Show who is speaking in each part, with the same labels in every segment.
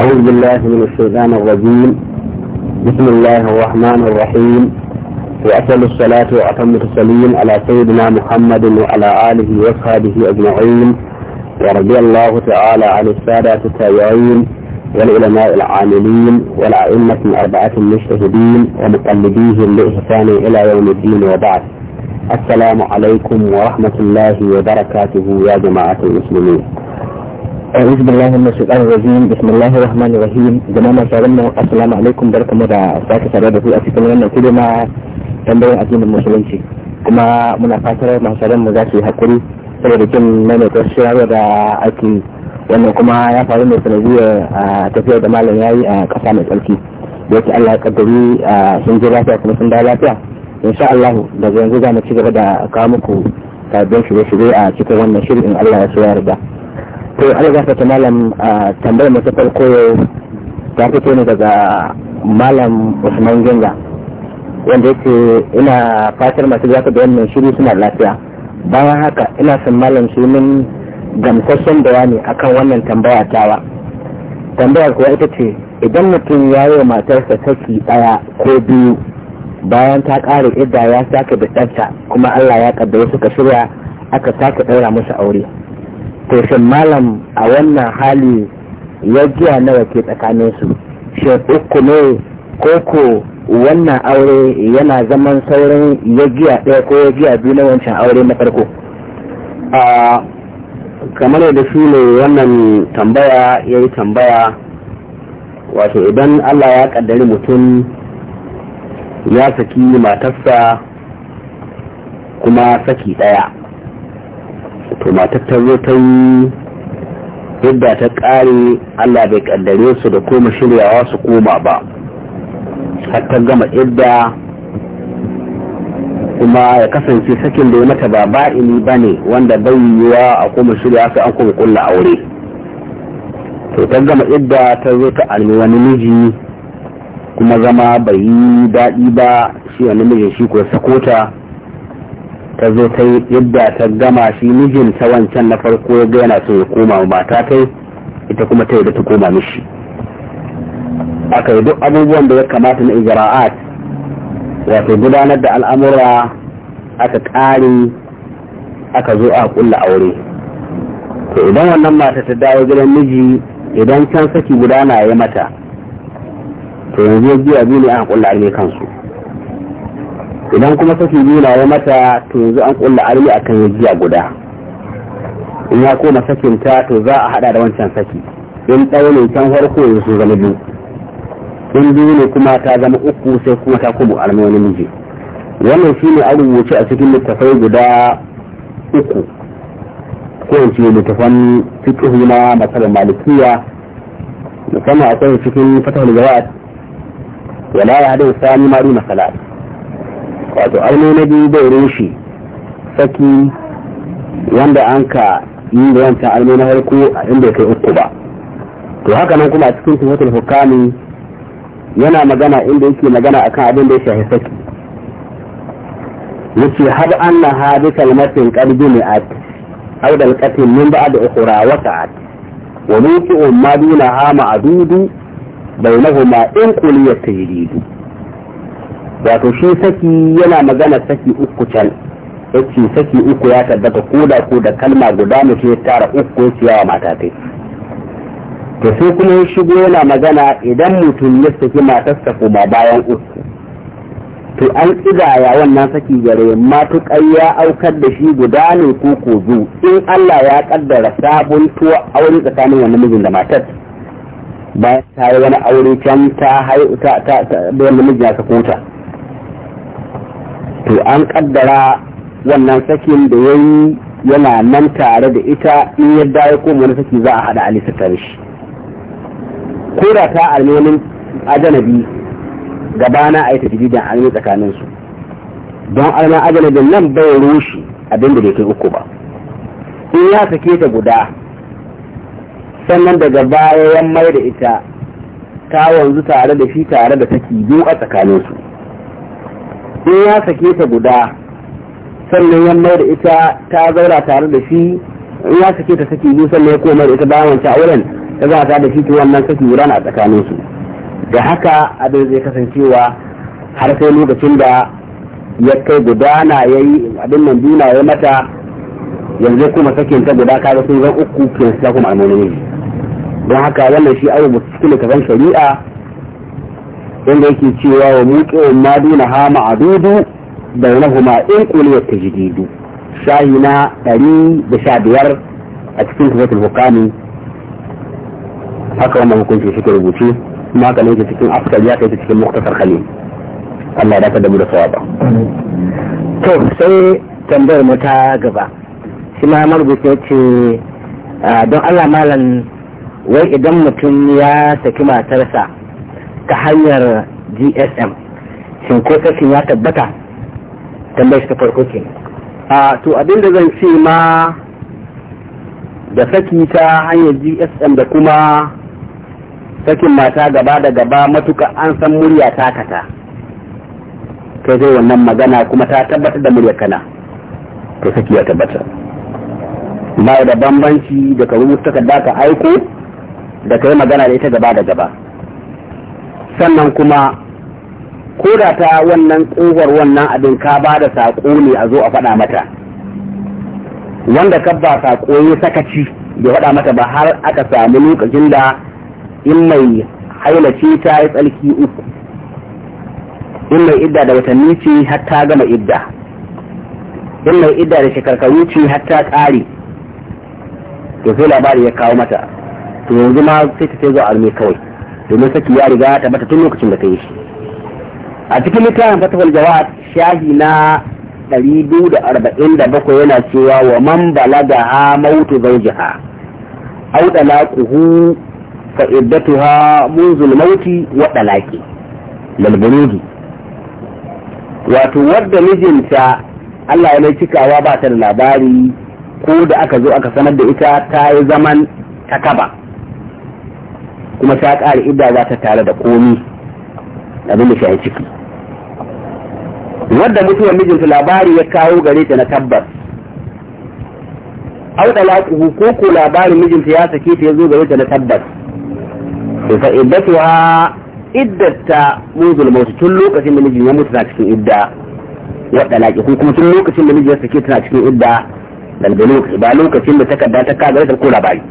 Speaker 1: أعوذ بالله من الشيطان الرجيم بسم الله الرحمن الرحيم وأسأل الصلاة وأتم التسليم على سيدنا محمد وعلى آله وأصحابه أجمعين ورضي الله تعالى عن السادة التابعين والعلماء العاملين والأئمة الأربعة المجتهدين ومقلديهم بإحسان إلى يوم الدين وبعد السلام عليكم ورحمة الله وبركاته يا جماعة المسلمين أعوذ بالله من الشيطان الرجيم بسم الله الرحمن الرحيم جماعة سلام السلام عليكم barka mu da sake tare da ku a cikin wannan kudu ma tambayin addinin musulunci kuma muna fatar masu mu za su yi hakuri saboda kin maimaita shirarwa da ake wannan kuma ya faru ne sanadiyar a da malam ya a ƙasa mai tsarki da yake Allah ya kaddari sun je lafiya kuma sun dawo lafiya insha Allah daga yanzu za mu ci gaba da kawo muku sabbin shirye-shirye a cikin wannan shirin Allah ya so ya riga. to Allah ta malam a tambayar mu ta farko ta fito ne daga malam Usman Ginga wanda yake ina fatar masu zaka da wannan shiri suna lafiya bayan haka ina san malam shi min gamsashen bayani akan wannan tambaya tawa tambayar kuwa ita ce idan mutum ya yi matarsa saki ɗaya ko biyu bayan ta ƙare idda ya sake da kuma Allah ya kaddara suka shirya aka sake ɗaura musu aure to malam a wannan hali ya jiya nawa ke tsakanin su shin uku ne ko ko wannan aure yana zaman saurin ya jiya ɗaya ko ya jiya biyu na wancan aure na farko kamar da shi ne wannan tambaya ya yi tambaya wato idan allah ya kaddari mutum ya saki matarsa kuma saki ɗaya to matar ta zo ta yi yadda ta ƙare allah bai ƙaddare su da koma shiryawa su koma ba har ta gama yadda kuma ya kasance sakin da ya mata ba ba'ini ba ne wanda bai yiwuwa a koma shirya sai an kuma kulla aure to ta gama idda ta zo ta almi wani miji kuma zama bai yi daɗi ba shi wani miji shi kuwa sako ta ta zo ta yi yadda ta gama shi mijin ta wancan na farko ya yana so ya koma mata ta ita kuma ta yadda ta koma mishi aka yi duk abubuwan da ya kamata na ijra'at wato gudanar da al'amura aka ƙare aka zo a kulla aure to idan wannan mata ta dawo gidan miji idan can saki gudana ya mata to yanzu ya biya biyu ne a kulla aure kansu idan kuma saki biyu na mata to yanzu an kulla armi akan yajiya guda in ya koma sakin ta to za a hada da wancan saki in ɗaya ne can farko yanzu zama biyu in biyu ne kuma ta zama uku sai kuma ta kubu armi wani miji wannan shi ne a rubuce a cikin littafai guda uku ko in ce littafan fiƙihu na matsalar malikiya musamman akwai cikin fatahul jawa'at wala ya hadu sani maru salat wato aure na biyu bai rushe saki wanda an ka yi da wancan aure na farko inda kai uku ba to haka nan kuma a cikin tuhatul hukami yana magana inda yake magana akan abin da ya shafi saki yace har anna hadithal matin qalbi ne at aw dal qatin min ba'd ukhra wa ta'at wa nuqu ma dunaha ma'dudu bainahuma in kuliyat tajridu wato shi saki yana magana saki uku can yace saki uku ya tabbata ko da ko da kalma guda mu ce tara uku ce yawa mata kai to sai kuma ya shigo yana magana idan mutum ya saki matarsa ma bayan uku to an ya wannan saki gare matuƙar ya aukar da shi guda ne ko ko zu in Allah ya kaddara sabon tuwo aure tsakanin wannan mijin da matar bayan ta yi wani aure can ta haihu ta ta da wannan mijin ya sako to an kaddara wannan sakin da ya yi yana nan tare da ita in ya dawo ko wani saki za a hada alisa tare shi ko da ta almonin ajanabi gabana a yi tajidin almi tsakanin don alma ajanabin nan bai rushe abin da bai kai uku ba in ya sake ta guda sannan daga baya ya mai da ita ta wanzu tare da shi tare da saki biyu a tsakaninsu in ya sake ta guda sannan ya mai da ita ta zaura tare da shi in ya sake ta saki biyu sannan ya koma da ita bayan wancan auren ta za ta da shi ta wannan saki guda na tsakanin su da haka abin zai kasancewa har sai lokacin da ya kai gudana ya yi abin nan biyu ya mata yanzu kuma sakin ta guda kaga sun zan uku kenan kuma don haka wannan shi aure cikin kazan shari'a inda yake cewa wa muƙin ma duna ha ma'adudu bainahuma in quliyat tajdidu shahi na ɗari da sha biyar a cikin kufatul hukami haka wannan hukunci suke rubuce kuma haka ne cikin askar ya kai cikin muktasar khalil Allah ya dakar da mu da sawaba to sai tambayar mu ta gaba shi ma marubuta ce ah, don Allah malam wai idan mutum ya saki matarsa ta hanyar gsm shin ko sakin ya tabbata tambayar ta farko ke a to abinda zan ce ma da saki ta hanyar gsm da kuma sakin mata gaba da gaba matuka an san murya ta kata kai zai wannan magana kuma ta tabbatar da murya kana to saki ya tabbata ba da bambanci da ka rubuta takarda ka aiko da ka yi magana da ita gaba da gaba sannan kuma ko ta wannan ƙofar wannan abin ka ba da saƙo ne a zo a faɗa mata wanda ka ba saƙo ya sakaci bai faɗa mata ba har aka samu lokacin da in mai hailace ta yi tsarki uku in mai idda da watanni ce har ta gama idda in mai idda da shekarkaru ce har ta ƙare to sai labari ya kawo mata to yanzu ma sai ta sai zo a kawai domin saki ya riga ta mata tun lokacin da ta yi shi a cikin littafin fatawar jawad shahi na 247 yana cewa wa man balaga ha mautu zawjiha aw talaquhu fa iddatuha منذ mauti wa talaqi lil wato wadda mijinta Allah ya mai cikawa ba ta da labari ko da aka zo aka sanar da ita ta yi zaman takaba kuma ta ƙara idda za ta tare da komi abin da shahin ciki wadda mutuwar mijinta labari ya kawo gare ta na tabbas auɗa laƙuhu ko ko labarin mijinta ya sake ta ya zo gare ta na tabbas to fa iddatuha iddata muzul mautu tun lokacin da mijin ya mutu na cikin idda wadda laƙi kuma tun lokacin da mijin ya sake tana cikin idda dalbe lokaci ba lokacin da ta kadda ta kaga ta ko labari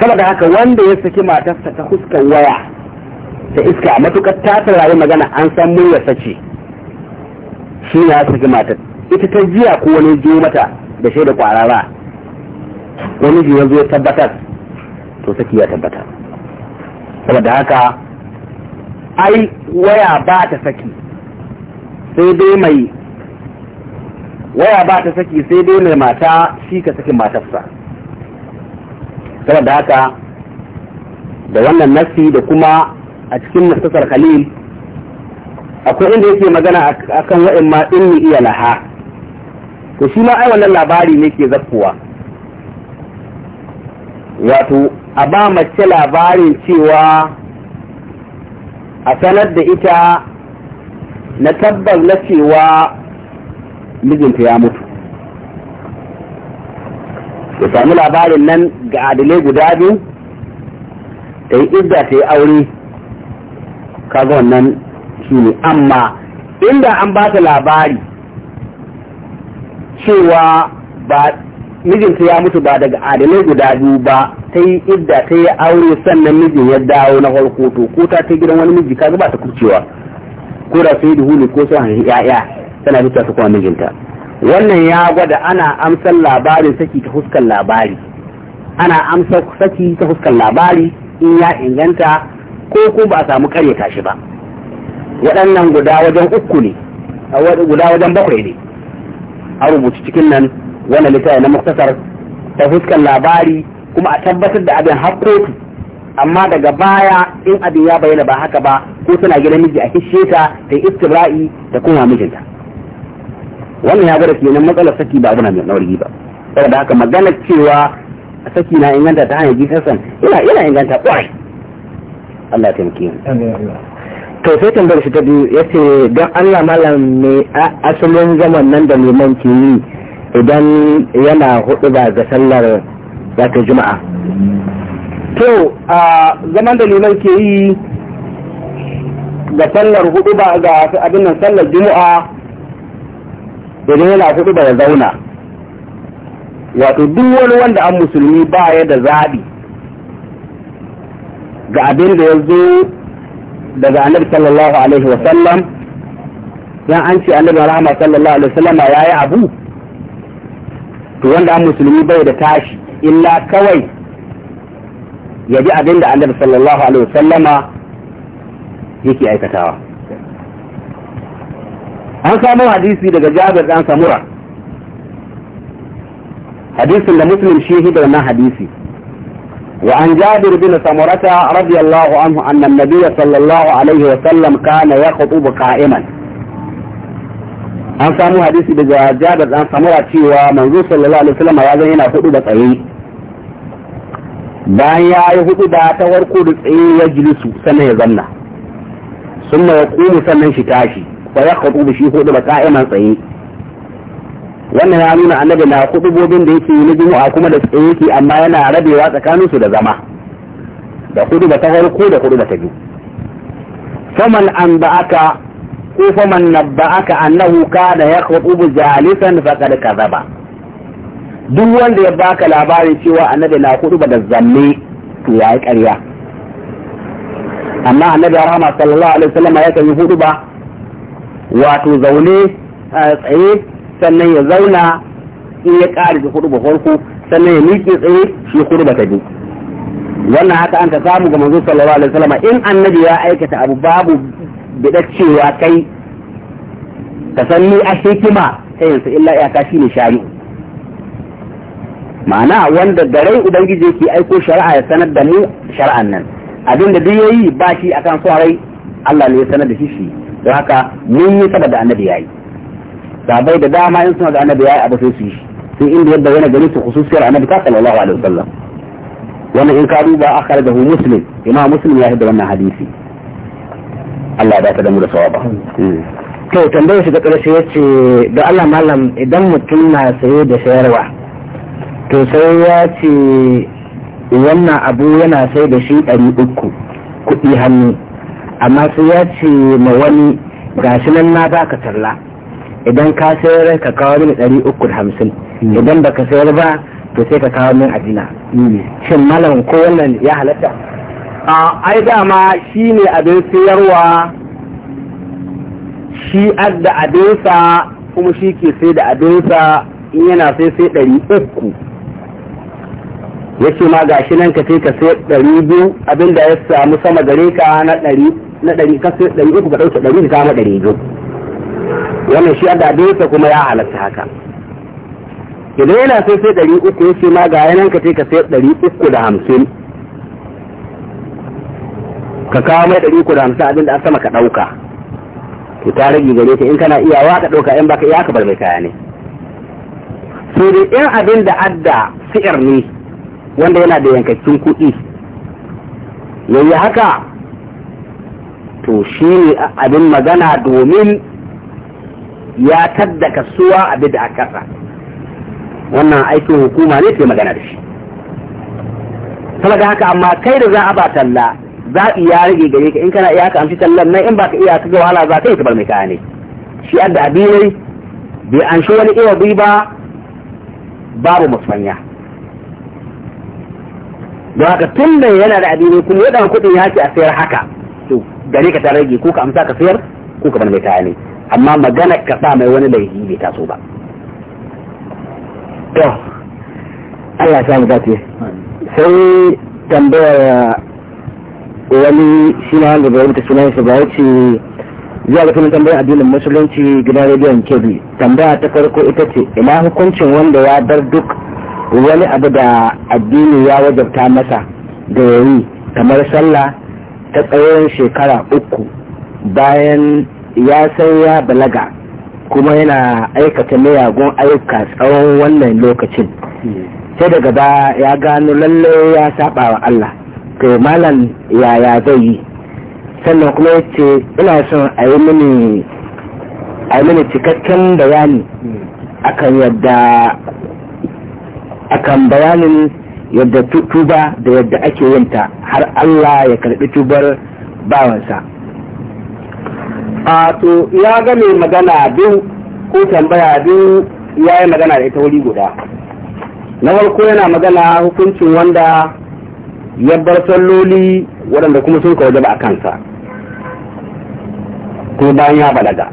Speaker 1: saboda haka wanda ya saki matarsa ta huskar waya ta iska matukar ta rayu magana an san murya ce shi ya saki matar ita ta jiya ko wani jiyo mata da shaida kwarara wani jiyo yanzu ya tabbatar to saki ya tabbata saboda haka ai waya ba ta saki sai dai mai waya ba ta saki sai dai mai mata shi ka sakin matarsa da haka da wannan nassi da kuma a cikin nasasar khalil akwai inda yake magana akan wa'in ma ni iya laha to shi ma ai wannan labari ne ke zakkuwa wato a ba mace labarin cewa a sanar da ita na tabbas na cewa mijinta ya mutu ya sami labarin nan ga adalai guda biyu ta yi idda ta yi aure kaga wannan shi ne amma inda an ba ta labari cewa ba mijinta ya mutu ba daga adalai guda biyu ba ta yi idda ta yi aure sannan mijin ya dawo na farko to ko ta ta gidan wani miji kaga ba ta kurcewa ko da sai da ne ko sun hanyar ya'ya tana bisa su kuma mijinta wannan ya gwada ana amsar labarin saki ta huskan labari ana amsar saki ta huskan labari in ya inganta ko ko ba a samu karyata shi ba waɗannan guda wajen uku ne guda wajen bakwai ne a rubuci cikin nan wannan littafi na muktasar ta huskan labari kuma a tabbatar da abin hakkoki amma daga baya in abin ya bayyana ba haka ba ko suna gidan miji a kishe ta ta istibra'i da kuma mijinta wannan ya gwada kenan matsalar saki ba abu na mai nauri ba saboda haka magana cewa saki na inganta ta hanyar san yana yana inganta kwarai Allah ya taimake mu to sai tambayar shi ta biyu ya ce don Allah malam ne asalin zaman nan da neman ke yi idan yana hudu ba ga sallar wato juma'a to a zaman da neman ke yi ga sallar hudu ba ga abin nan sallar juma'a idan yana hudu ba ya zauna wato duk wani wanda an musulmi ba ya da zaɓi ga abin da ya zo daga annabi sallallahu alaihi wa sallam yan an ce annabi rahama sallallahu alaihi wa sallam ya yi abu to wanda an musulmi bai da tashi illa kawai ya ji abin da annabi sallallahu alaihi wa sallama yake aikatawa an samu hadisi daga jabir dan samura hadisin da muslim shi hida wannan hadisi وعن جابر بن سمرة رضي الله عنه أن النبي صلى الله عليه وسلم كان يخطب قائما أن سامو حديث بجابر أن سمرة تيوى من صلى الله عليه وسلم هذا هنا خطبة بان يأي خطبة تورقو رسعي يجلس سنة يظن ثم يقوم سنة شكاشي wa ya khudu da shi hudu ba ka'iman tsaye wannan ya nuna annabi na hudubobin da yake yi na juma'a kuma da tsaye yake amma yana rabewa tsakanin su da zama da hudu ba ta farko da hudu ba ta biyu faman an ba'aka ko faman nabba'aka annahu kana ya khudu jalisan faqad kadhaba duk wanda ya baka labarin cewa annabi na hudu ba da zamme to yayi ƙarya amma annabi rahama sallallahu alaihi wasallam ya kai yi hudu ba wato zaune a tsaye sannan ya zauna in ya ƙari da hudu farko sannan ya miƙe tsaye shi hudu ta bi wannan haka an ka samu ga manzo sallallahu alaihi wasallam in annabi ya aikata abu babu bidar cewa kai ka san ni a hikima ta yanzu illa shi ne shari'u ma'ana wanda da rai ubangiji yake aiko shari'a ya sanar da mu shari'an nan abinda duk yayi ba shi akan so rai Allah ne ya sanar da shi shi da haka mun yi saboda annabi yayi sabai da dama in suna da annabi yayi abu sai su yi sai inda yadda wani gani su khususiyar annabi ka sallallahu alaihi wasallam wani in ka duba akhrajahu muslim imam muslim ya hidda wannan hadisi Allah ya da mu da sawaba hmm. to tambayar shi da ƙarshe yace da Allah malam idan mutum na saye da sayarwa to sai ya ce wannan abu yana sai da shi ɗari uku kuɗi hannu amma sai ya ce ma wani gashi nan na baka talla idan ka sayar ka kawo min ɗari uku da hamsin idan baka sayar ba to sai ka kawo min adina shin malam ko wannan ya halatta a ai dama shi ne abin sayarwa shi adda abinsa kuma shi ke sai da abinsa in yana sai sai ɗari uku ya ce ma gashi nan ka sai ka sai ɗari biyu abinda ya samu sama gare ka na ɗari na ɗari kasu ɗari uku ka ɗauke ɗari ka kama ɗari biyu wannan shi da abinsa kuma ya halatta haka idan yana sai sai ɗari uku yace ma ga yanan ka ka sai ɗari uku da hamsin ka kawo mai ɗari uku da hamsin abinda an sama ka ɗauka to ta rage gare ka in kana iyawa ka ɗauka in baka iya ka bar mai kaya ne so da yan abin da adda si'ir ne wanda yana da yankakin kuɗi yayi haka to shi ne abin magana domin ya tadda kasuwa abin da aka kasa wannan aikin hukuma ne ke magana da shi saboda haka amma kai da za a ba talla za a iya rage gare ka in kana iya ka amshi tallan nan in ba ka iya ka ga wahala za ka yi bar mai kaya ne shi da abinai bai an shi wani iya bi ba babu musanya don haka tun da yana da abinai kuma ya ɗan kuɗin ya ce a sayar haka gare ka ta rage ko ka amsa ka sayar ko ka bar mai kaya ne amma magana ka sa mai wani laifi bai taso ba to Allah ya samu dace sai tambaya eh, wani shi na wanda bai rubuta sunan shi ba wuce zuwa ga tunan tambayar addinin musulunci gidan rediyon kebi tambaya ta farko ita ce ina hukuncin wanda ya bar duk wani abu da addini ya wajabta masa da yayi kamar sallah ta tsawon shekara uku bayan ya san ya balaga kuma yana aikata mayagun ayyuka tsawon wannan lokacin sai daga ba ya gano lalle ya saba wa Allah to malam yaya zai yi sannan kuma ya ce ina son a yi mini cikakken bayani akan yadda akan bayanin yadda tuba da yadda ake yinta har Allah ya karbi tubar bawansa a to ya ga mai magana biyu ko tambaya biyu ya yi magana da ita wuri guda na farko yana magana hukuncin wanda ya bar salloli waɗanda kuma sun kawo ba a kansa ko bayan ya balaga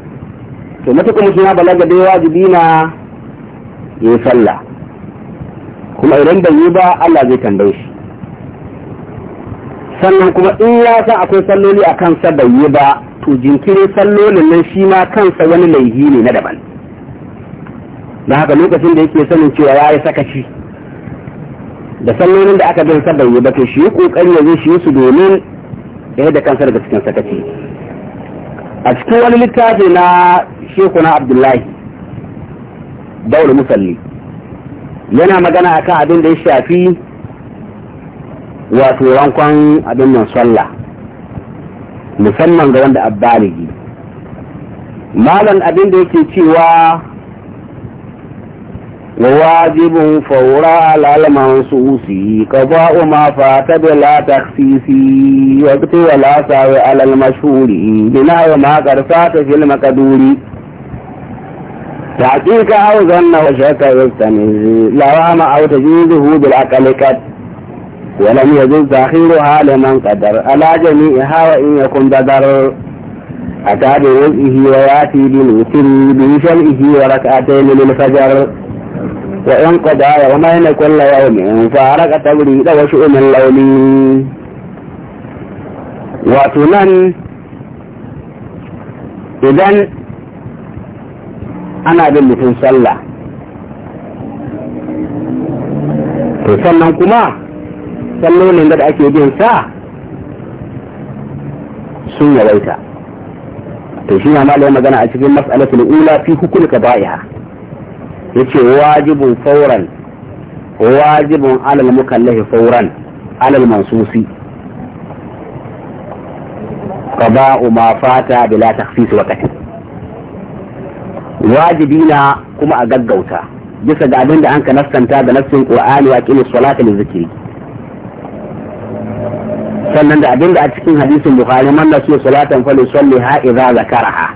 Speaker 1: to matuƙa mutum ya balaga dai wajibi na ya yi sallah kuma idan bai yi ba Allah zai tambaye shi sannan kuma in ya san akwai salloli a kansa bai yi ba to jinkirin sallolin nan shi ma kansa wani laihi ne na daban da haka lokacin da yake sanin cewa ya yi sakaci da sallolin da aka bin sa bai yi ba to shi yi kokari ya zo shi su domin ya da kansa daga cikin sakaci a cikin wani littafi na shekuna abdullahi daula musalli yana magana a kan abin da ya shafi wato rankon abin nan sallah musamman ga wanda abbaligi malam abin da yake cewa وواجب فورا على المنصوص قضاء ما فات بلا تخصيص وقت ولا ساوي على المشهور بناء ما قد فات في المقدور تعطيك أو ظن وجهك يستمزي لوام أو تجيزه بالعقل قد ولم يجوز تأخيرها لمن قدر على جميعها وإن يكن بدر أتى برزقه ويأتي بالوتر بشمئه وركعتين للفجر وإن قضى يومين كل يوم فارق تبريد وشؤم اللوم وتنن اذا ana bin mutum sallah to sannan kuma ne da ake bin sa sun yawaita to shi ma ya magana a cikin mas'alatul ula fi hukul qada'iha yace wajibun fawran wajibun alal mukallahi fawran alal mansusi qada'u ma fata bila takhsis waqti wajibi na kuma a gaggauta bisa ga abin da an ka nassanta da nassin qur'ani wa aqimus salata li zikri sannan da abin da a cikin hadisin bukhari man nasiya salatan salli ha idza zakaraha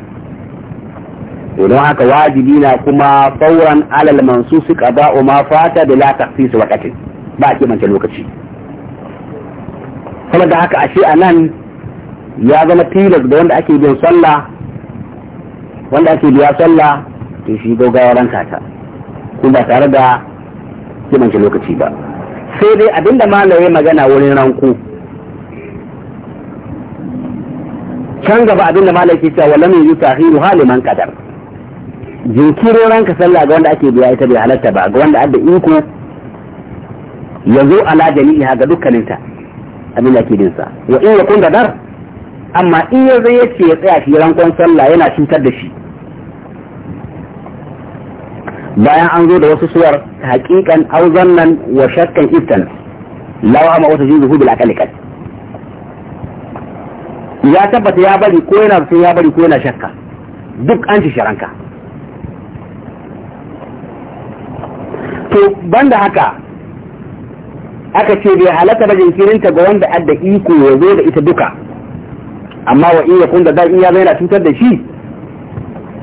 Speaker 1: idan haka wajibi na kuma fauran alal mansusi qada'u ma fata da la taqsis waqtin ba a manta lokaci kuma da haka ashe anan ya zama tilas da wanda ake bin sallah wanda ake biya sallah to shi gaugawa ranka ta ko ba tare da kimanta lokaci ba sai dai abinda malaye magana wurin ranku can gaba abinda malaye ke cewa walam yuzu hiru haliman kadar jinkiro ranka sallah ga wanda ake biya ita bai halatta ba ga wanda adda iko zo ala ha ga dukkaninta abinda ake ke dinsa wa in yakun da dar amma in ya zai yace ya tsaya shi rankon sallah yana cutar da shi bayan an zo da wasu suwar hakikan auzan nan wa shakkan iftan lawa amma wata jizu hudu kan, ya tabbata ya bari ko yana sun ya bari ko yana shakka duk an ci sharanka to banda haka aka ce bai halatta ba kirinta ga wanda adda iko ya zo da ita duka amma wa iya kun da dan iya zai na cutar da shi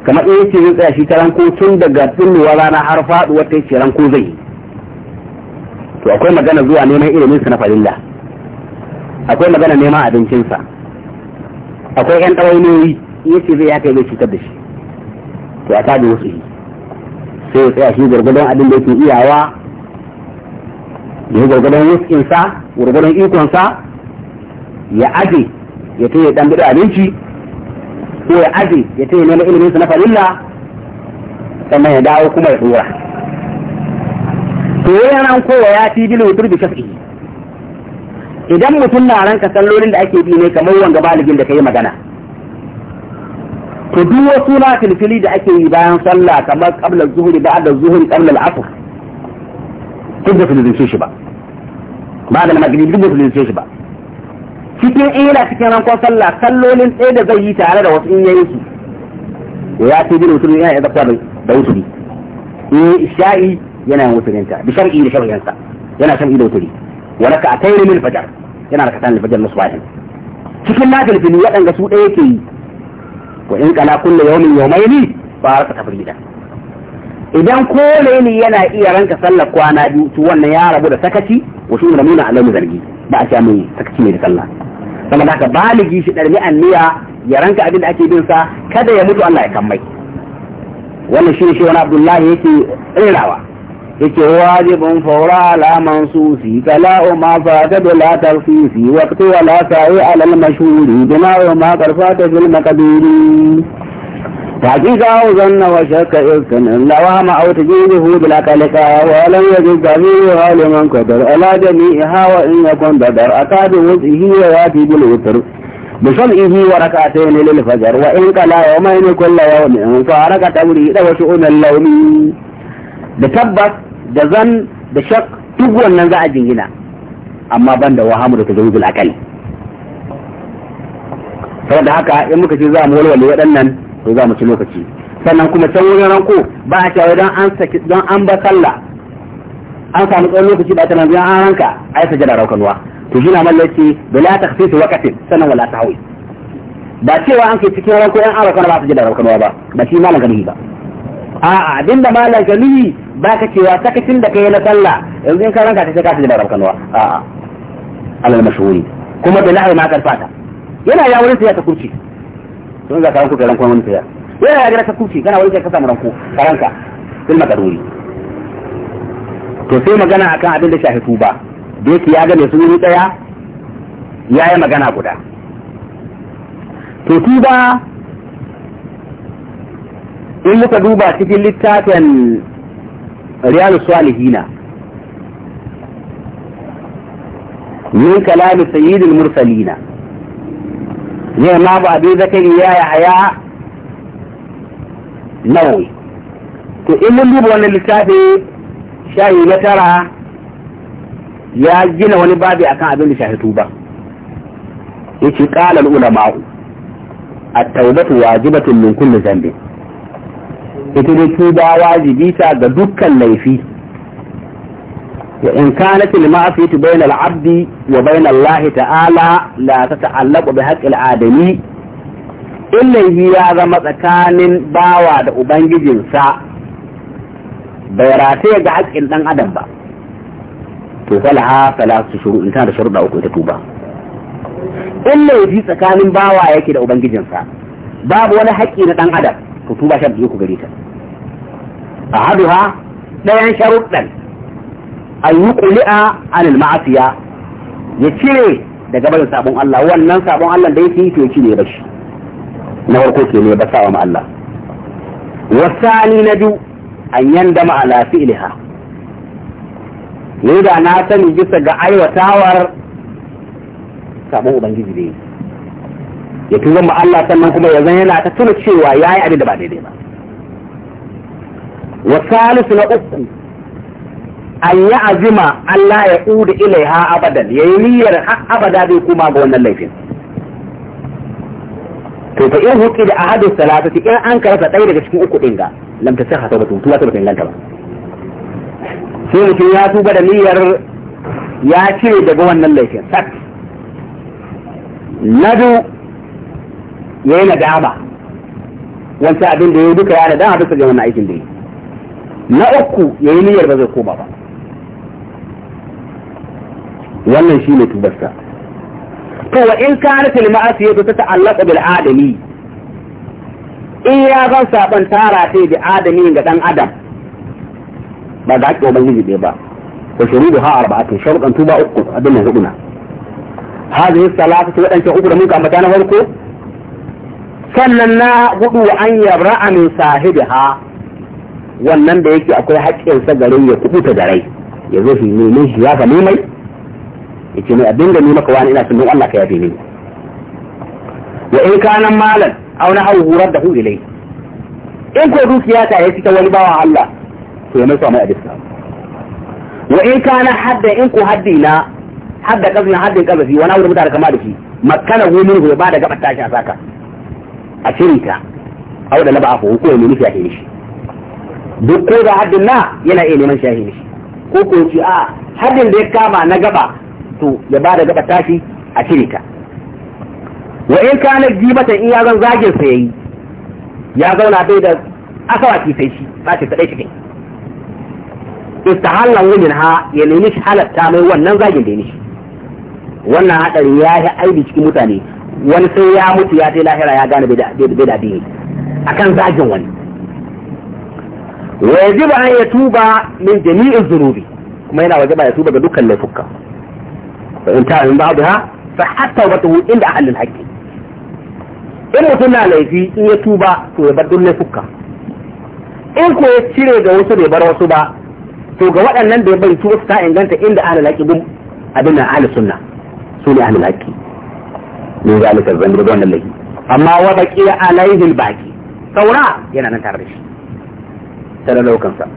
Speaker 1: kamar iya ce zai tsaya shi ta ranko tun daga tsulluwa rana har faduwar ta ce ranko zai to akwai magana zuwa neman ilimin sa na farilla akwai magana neman abincinsa akwai yan ɗawainiyoyi iya ce zai ya kai zai cutar da shi to a tada wasu yi sai ya tsaya shi gwargwadon abin da yake iyawa ya gwargwadon insa gwargwadon ikonsa ya aje ya ce ya dan bida abinci ko ya aje ya ce ya nemi ilimin su na farilla sannan ya dawo kuma ya dora to yana nan kowa ya ci bilu wutur bi shafi idan mutum na ranka sallolin da ake bi ne kamar wanga baligin da ka yi magana to duk wasu na filfili da ake yi bayan sallah kamar qabla zuhuri ba'da zuhuri qabla al-asr duk da filfilin shi ba ba da magribi duk da filfilin shi ba cikin ina cikin rankon sallah sallolin ɗaya da zai yi tare da wasu in yayi su ya ce bin mutum yana zafta da wuturi eh, in sha'i yana yin wuturinta bi shar'i da shar'insa yana shar'i da wuturi wa a atayni min fajar yana raka tan fajar na bayan cikin nafil fili waɗanda su ɗaya ke yi ko in kana yau yawmin ni ba raka tafrida idan ko ne yana iya ranka sallar kwana biyu to wannan ya rabu da sakaci wasu shi ramuna alamu zargi ba a sha mai sakaci ne da sallah sama haka baligi shi ɗarmi anniya ya ranka abin da ake bin sa kada ya mutu Allah ya kammai wannan shi ne shi wani abdullahi yake rirawa yake wajibin faura alaman susi kala ma fata da la tarfisi waqti wa la sa'i ala al mashhuri bima ma qarfata bil maqdiri حقيقة ظن وشك إذن لوام أو تجيبه بالأقلقة ولم يجد دليلها لمن قدر ألا جميعها وإن يكن بدر أكاد وزئه وياتي بالوتر بصنعه وركعتين للفجر وإن كلا يومين كل يوم فارك تبريد وشؤون اللوم بتبت دزن بشك duk wannan za a jingina amma ban da wahamu da tajawuzul akali saboda haka in to za mu ci lokaci sannan kuma can wurin ranko ba a cewa don an saki don an ba sallah an samu tsawon lokaci ba ta nan an ranka ai sajada raukanuwa to shi na mallaki da la takhsisu waqtin sannan wala tahwi ba cewa an kai cikin ranko yan an raukanuwa ba sajada raukanuwa ba ba shi malan gani ba a'a abinda malan gani ba ka cewa sakacin da kai na sallah yanzu in ka ranka ta sai ka sajada raukanuwa a'a alal mashhuri kuma da la'i ma karfata yana ya wurin sai ya ta kurci don za ka ranko ka ranko wani tsaya yana ya gara ka kuce kana wani sai ka samu ranko ka ranka fil makaruri to sai magana akan abin da shafi tuba da yake ya ga mai sununi tsaya ya yi magana guda to tuba in muka duba cikin littafin riyalu salihina min kalami sayyidul mursalina zai ma ba abin zakari ya yahaya nawawi to in mun duba wani littafi shayi na tara ya gina wani babi akan abin da shahi tuba yace qala al ulama at-tawbatu wajibatun min kulli dhanbi ita dai tuba wajibi ta ga dukkan laifi in وإن abdi wa بين العبد ta'ala la tata'allaqu bi تتعلق بحق الآدمي إلا ya zama tsakanin bawa da ubangijinsa bai rataya ga haƙƙin dan adam ba to falaha fala su shuru in tana da sharuɗa uku ita tuba in laifi tsakanin bawa yake da ubangijinsa babu wani haƙƙi na dan adam to tuba da uku gare ta a haduha ɗayan sharuɗan an ƙuli'a anil ma'asiya ya cire daga barin sabon Allah wannan sabon Allah da yake yi to cire ba shi na farko ke ne ba sawa ma Allah wasani na biyu an yanda ma ala fi'liha ne da na sani bisa ga aiwatawar sabon ubangiji ne ya tuzo ma Allah sannan kuma ya zan yana ta tuna cewa yayi abin da ba daidai ba wasalisu na uku an yi azima Allah ya ilai ha abadan ya yi niyyar ha abada zai kuma ga wannan laifin to fa in hukki da ahadu salatu in an karasa ɗaya daga cikin uku ɗin ga lam ta sahha tawbatu tuwa ta inganta ba sai mutum ya tuba da niyyar ya cire daga wannan laifin na nadu ya yi nadama wancan abin da ya yi duka ya nadama bisa ga wannan aikin da ya yi na uku ya yi niyyar ba zai koma ba wannan shi ne tubarsa to wa in ka kanat to ta ta'allaka bil adami in ya zan saban tara ta bi adami ga dan adam ba da ake ubangiji ɗaya ba ko wa shurudu ha ta sharuɗan tuba uku abin nan huduna hadhihi salatu ta wadancan uku da muka mata na farko sannan na hudu an yabra min sahibiha wannan da yake akwai haƙƙinsa gare ya kuɓuta da rai ya zo shi ne shi ya ka nemai yace mai abinda ni maka wani ina tunan Allah ka yafe ni. wa in kana malan aw na hawu hurar da hu ilai in ko dukiya ta yace ta wani bawa Allah to ya masa mai adisa wa in kana hadda in ko haddina, na hadda kazna haddin kazafi wani abu da mutare kama da shi makana hu min hu ba da gaba tashi a saka a cirita aw da laba ko ko ne nufi a ni shi duk ko da haddin na yana iya neman shahidi ko ko ci a haddin da ya kama na gaba to ya ba da gaba tashi a cire ta wa in kana gibatan in ya zan zagin sa yayi ya zauna bai da asawaki sai shi ba ta kadai shi istahalla min ha ya nemi shi halatta mai wannan zagin da ya nishi wannan hadari ya yi aibi cikin mutane wani sai ya mutu ya tai lahira ya gane bai da bai akan zagin wani wa yajibu an yatuba min jami'i dhunubi kuma yana wajaba ya tuba ga dukkan laifuka in ta ba ba'daha fa hatta wata tuhu inda ahlul haqqi in mutum na laifi in ya tuba to ya bar dunne fuka in ko ya cire ga wasu bai bar wasu ba to ga waɗannan da ya bari tuba su ta inganta inda ahlul haqqi bin abin nan ahlus sunna su ne ahlul haqqi min zalika zanbi da wannan laifi amma wa baqiya alaihi al-baqi saura yana nan tare da shi tare da kansa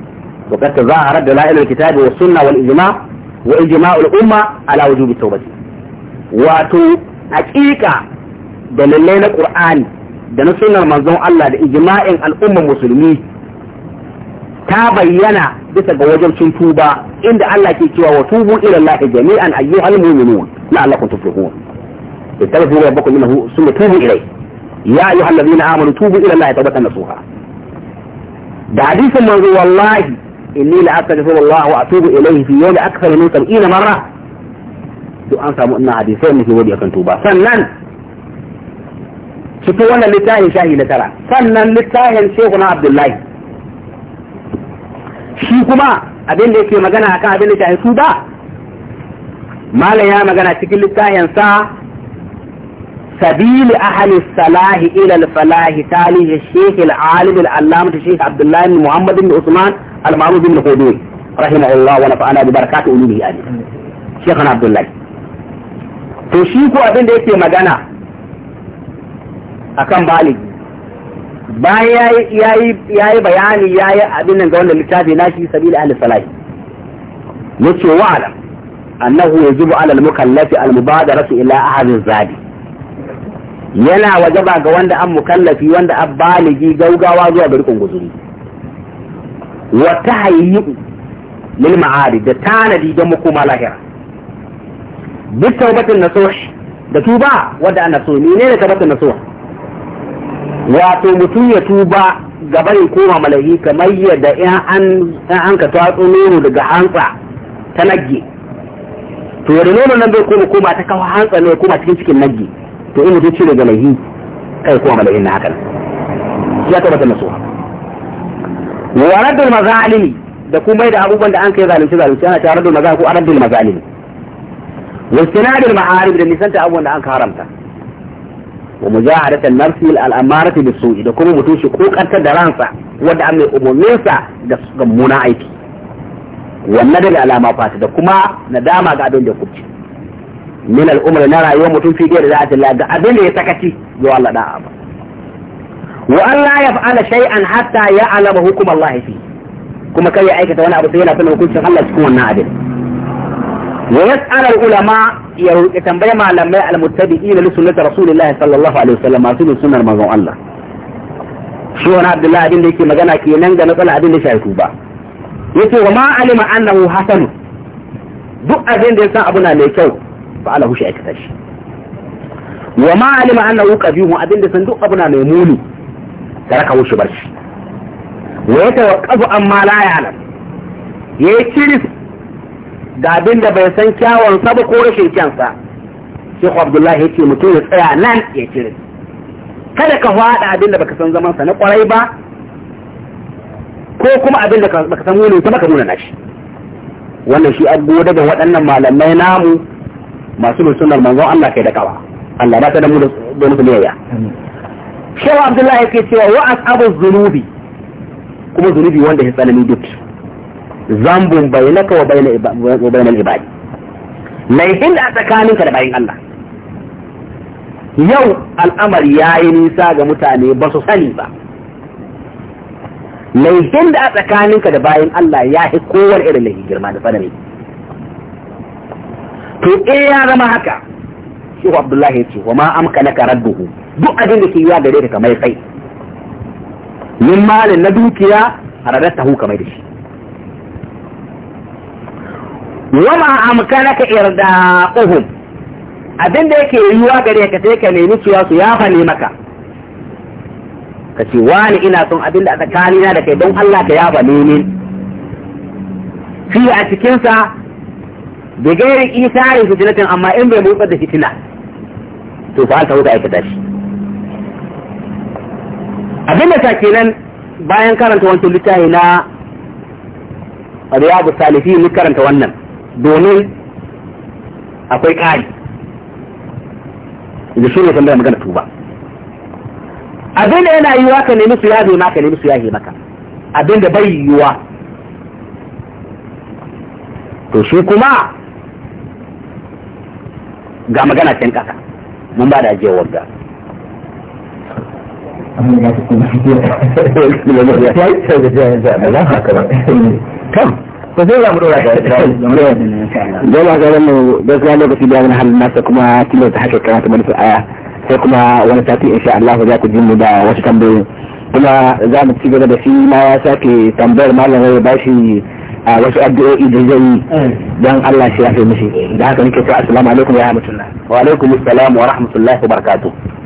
Speaker 1: وقد تظاهرت دلائل الكتاب والسنه والاجماع wa ijma'ul al'umma ala wujubi tawbati wato hakika lallai na qur'ani da na sunnar manzon Allah da ijma'in al'umma musulmi ta bayyana bisa ga wajen cin tuba inda Allah ke cewa wa tubu ila Allah jami'an ayyuhal mu'minun la'allakum tuflihun istaghfiru rabbakum su summa tubu ilayhi ya ayyuhal ladina amanu tubu ila Allah tawbatan nasuha da hadisin manzo wallahi إني لأتجفر الله وأتوب إليه في يوم أكثر من سبعين مرة دو أنسى مؤنى حديثين في ودي أكن توبة فنن شكونا لتاهن شاهي لترى فنن لتاهن شيخنا عبد الله شيخما أبين لك مغانا أكا أبين لك شاهي توبة ما ليا مغانا تكي لتاهن سا سبيل أهل الصلاح إلى الفلاح تالي الشيخ العالم العلامة الشيخ عبد الله بن محمد بن عثمان al-ma'ruf bin qudud rahimahullah wa nafa'ana bi barakati ulumi yani shekhan abdullahi to shi ko abin da yake magana akan bali bayan yayi yayi bayani yayi abin nan ga wanda littafi nashi sabil ahli salah yace wa alam annahu yajibu ala al-mukallafi al-mubadaratu ila ahli zadi yana wajaba ga wanda an mukallafi wanda an baligi gaugawa zuwa ga rikon guzuri wa tahayyu lil ma'ari da tanadi don makoma lahira duk taubatin nasuh da tuba wanda an naso ne ne taubatin nasuh wato mutum ya tuba gaban koma malahi kamar yadda in an an ka tatso nono daga hantsa ta nagge to da nono nan bai koma koma ta kawo hantsa ne koma cikin cikin nagge to in mutum cire daga malahi kai koma malahi na hakan ya taubatin nasuh wa raddul mazalim da kuma da abubuwan da an kai zalunci zalunci ana cewa raddul mazalim ko raddul mazalim wa istinadul ma'arib da nisanta abubuwan da an karanta. wa mujahadatan nafsi al amarati bis su'i da kuma mutum shi kokarta da ransa wanda an mai umurnin sa da mummuna aiki wannan daga alama fata da kuma nadama ga abin da kuke min al umr na rayuwar mutum fi da za'atillah ga abin da ya sakaci zuwa Allah da'a ba wa Allah ya fa'ala shay'an hatta ya alama hukum Allah fi kuma kai ya aikata wani abu sai yana sanin hukuncin Allah cikin wannan abin wa yas'ala ulama ya tambaye malamai al-muttabi'ina li sunnati rasulillahi sallallahu alaihi wasallam masu sunnar manzon Allah shi wani Abdullahi abin da yake magana kenan ga matsala abin da shafi ba yace wa ma alima annahu hasan duk abin da ya san abu na mai kyau fa alahu shi aikata shi wa ma alima annahu qabihu abin da san duk abu na mai muni ka raka wuce barci wa ya tawakkafu amma la ya'lam yayi ciris ga abin da bai san kyawun sa ba ko rashin kyansa Sheikh Abdullahi yace mutum ya tsaya nan ya ciris kada ka faɗa abin da baka san zaman sa na kwarai ba ko kuma abin da baka san wani ta baka nuna nashi wannan shi an gode da waɗannan malamai namu masu musulman manzon Allah kai da kawa Allah ba ta da mu da musulmiya shehu abdullahi yake cewa wa asabu zunubi kuma zunubi wanda ya tsanani duk zambun bainaka wa bainal ibadi laihin a tsakaninka da bayin Allah yau al'amari ya yi nisa ga mutane ba su sani ba mai da a tsakaninka da bayan Allah ya fi kowar irin laifin girma da tsanani to eh ya zama haka shehu abdullahi ce wa ma amkanaka radduhu duk abin da ke yiwa gare ka kamar sai min malin na dukiya radatahu kamar da shi wa ma irda irda'uhum abin da yake yiwa gare ka sai ka nemi cewa su ya fa maka ka ce wani ina son abin da a tsakanina da kai don Allah ka ya fane ni fi a cikinsa da gairi isarin fitinatin amma in bai motsar da fitina to fa alta wuta aikata shi abin da nan bayan karanta wancan littafi na riyadu salifi mu karanta wannan domin akwai ƙari da shi ne tambaya magana tuba abin da yana yiwa ka nemi su yaje maka nemi su yaje maka abin da bai yiwa to shi kuma ga magana can kasa mun ba da ajiyar wagga kam zai dora da ya lokaci da wani halin nasa kuma kilo ta kamata aya sai kuma wani sati insha Allah za ku ji mu da wasu tambayoyi kuma za mu ci gaba da shi ma ya sake tambayar malam ya bashi a wasu addu'o'i da zai yi eh. don Allah shi ya fi mishi da haka nake cewa assalamu alaikum wa rahmatullah wa alaikum assalam wa rahmatullahi wa barakatuh